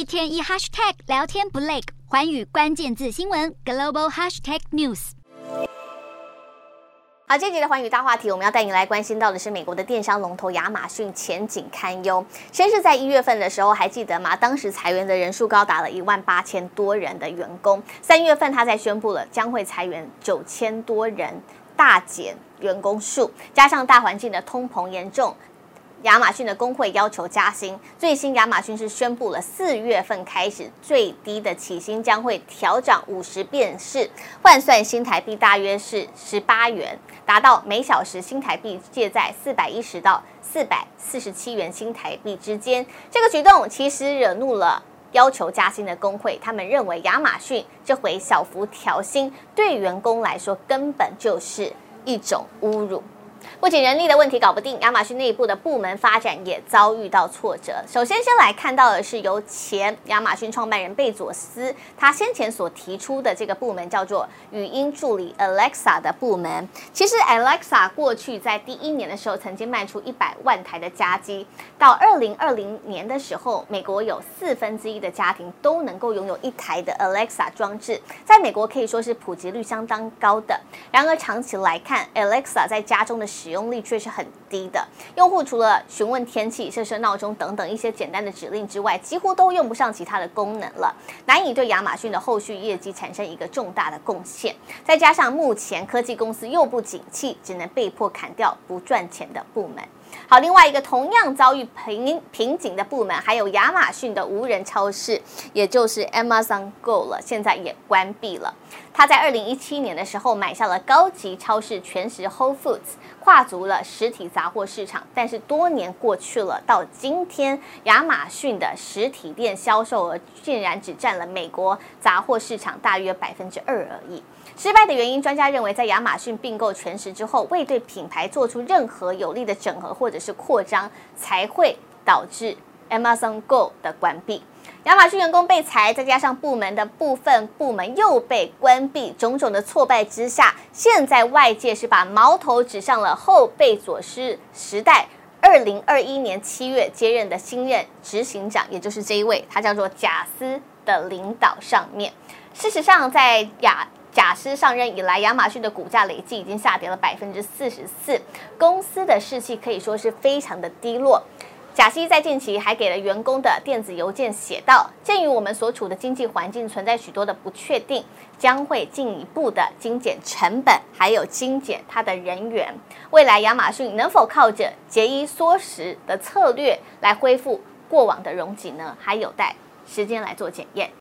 一天一 hashtag 聊天不累，寰宇關鍵字新聞 global hashtag news。好，這一集的寰宇大話題，我們要帶你來關心到的是美國的電商龍頭亞馬遜前景堪憂。先是在一月份的時候，還記得嗎？當時裁員的人數高達了一萬八千多人的員工。三月份，他在宣布了將會裁員九千多人大減員工數，加上大環境的通膨嚴重。亞馬遜的工會要求加薪，最新亞馬遜是宣布了四月份開始最低的起薪將會調漲五十便士，換算新台幣大約是十八元，達到每小時新台幣介在四百一十到四百四十七元新台幣之間。這個舉動其實惹怒了要求加薪的工會，他們認為亞馬遜這回小幅調薪對員工來說根本就是一種侮辱。不僅人力的問題搞不定，亞馬遜內部的部門發展也遭遇到挫折。首先先來看到的是由前亞馬遜創辦人貝佐斯，他先前所提出的這個部門叫做語音助理 Alexa 的部門。其實 Alexa 過去在第一年的時候，曾經賣出一百萬台的家機。到二零二零年的時候，美國有四分之一的家庭都能夠擁有一台的 Alexa 裝置，在美國可以說是普及率相當高的。然而長期來看，Alexa 在家中的使用率卻是很低的，用戶除了詢問天氣、設置鬧鐘等等一些簡單的指令之外，幾乎都用不上其他的功能了，難以對亞馬遜的後續業績產生一個重大的貢獻。再加上目前科技公司又不景氣，只能被迫砍掉不賺錢的部門。好，另外一個同樣遭遇瓶瓶頸的部門，還有亞馬遜的無人超市，也就是 Amazon Go 了，現在也關閉了。他在二零一七年的時候買下了高級超市全食 Whole Foods，跨足了實體雜貨市場。但是多年過去了，到今天，亞馬遜的實體店銷售額竟然只佔了美國雜貨市場大約百分之二而已。失敗的原因，專家認為，在亞馬遜併購全食之後，未對品牌做出任何有力的整合。或者是擴張才會導致 Amazon Go 的關閉，亞馬遜員工被裁，再加上部門的部分部門又被關閉，種種的挫敗之下，現在外界是把矛頭指向了後貝佐斯時代二零二一年七月接任的新任執行長，也就是這一位，他叫做賈斯的領導上面。事實上，在亞賈西上任以來，亞馬遜的股價累計已經下跌了百分之四十四，公司的士氣可以說是非常的低落。賈西在近期還給了員工的電子郵件寫道：“鑒於我們所處的經濟環境存在許多的不確定，將會進一步的精簡成本，還有精簡它的人員。未來亞馬遜能否靠着節衣縮食的策略來恢復過往的榮景呢？還有待時間來做檢驗。”